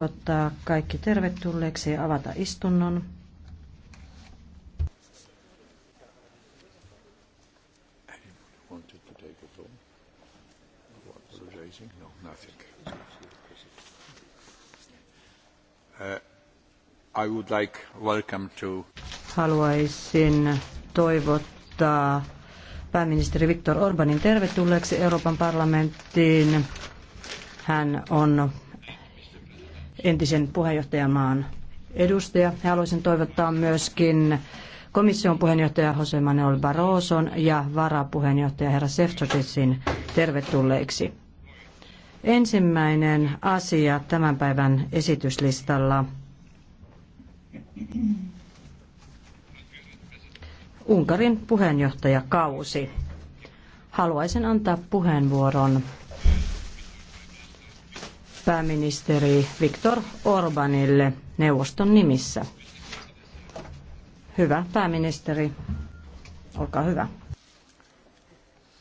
ottaa kaikki tervetulleeksi ja avata istunnon. Uh, I would like welcome to... Haluaisin toivottaa pääministeri Viktor Orbanin tervetulleeksi Euroopan parlamenttiin. Hän on entisen puheenjohtajamaan edustaja. Ja haluaisin toivottaa myöskin komission puheenjohtaja Jose Manuel Barroson ja varapuheenjohtaja herra Sefcovicin tervetulleiksi. Ensimmäinen asia tämän päivän esityslistalla Unkarin puheenjohtajakausi. Haluaisin antaa puheenvuoron pääministeri Viktor Orbanille neuvoston nimissä. Hyvä pääministeri, olkaa hyvä.